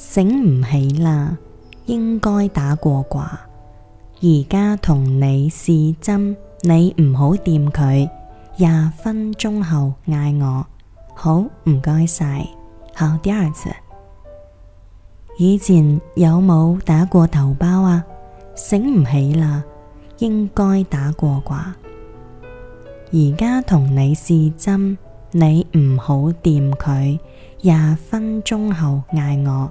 醒唔起啦，應該打過啩。而家同你試針，你唔好掂佢。廿分鐘後嗌我。好，唔該晒。好，第二次。以前有冇打過頭孢啊？醒唔起啦，應該打過啩。而家同你試針，你唔好掂佢。廿分鐘後嗌我。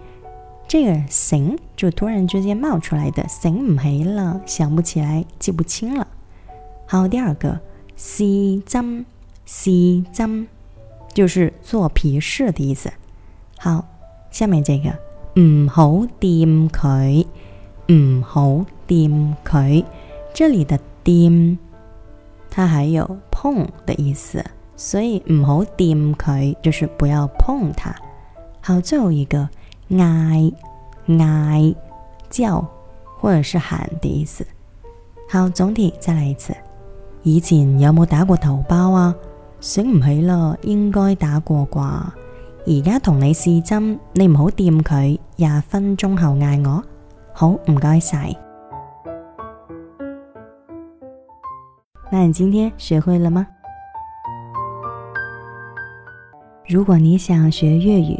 這個醒就突然之間冒出來的醒唔起啦，想不起來，記不清了。好，第二個，試針試針就是做皮試的意思。好，下面這個，唔好掂佢，唔好掂佢。這裏的掂，它還有碰的意思，所以唔好掂佢就是不要碰它。好，最後一個。嗌、嗌、叫或者是喊的意思。好，總體再來一次。以前有冇打過頭孢啊？醒唔起咯，應該打過啩。而家同你試針，你唔好掂佢。廿分鐘後嗌我。好，唔該晒。那你今天學會了嗎？如果你想學粵語。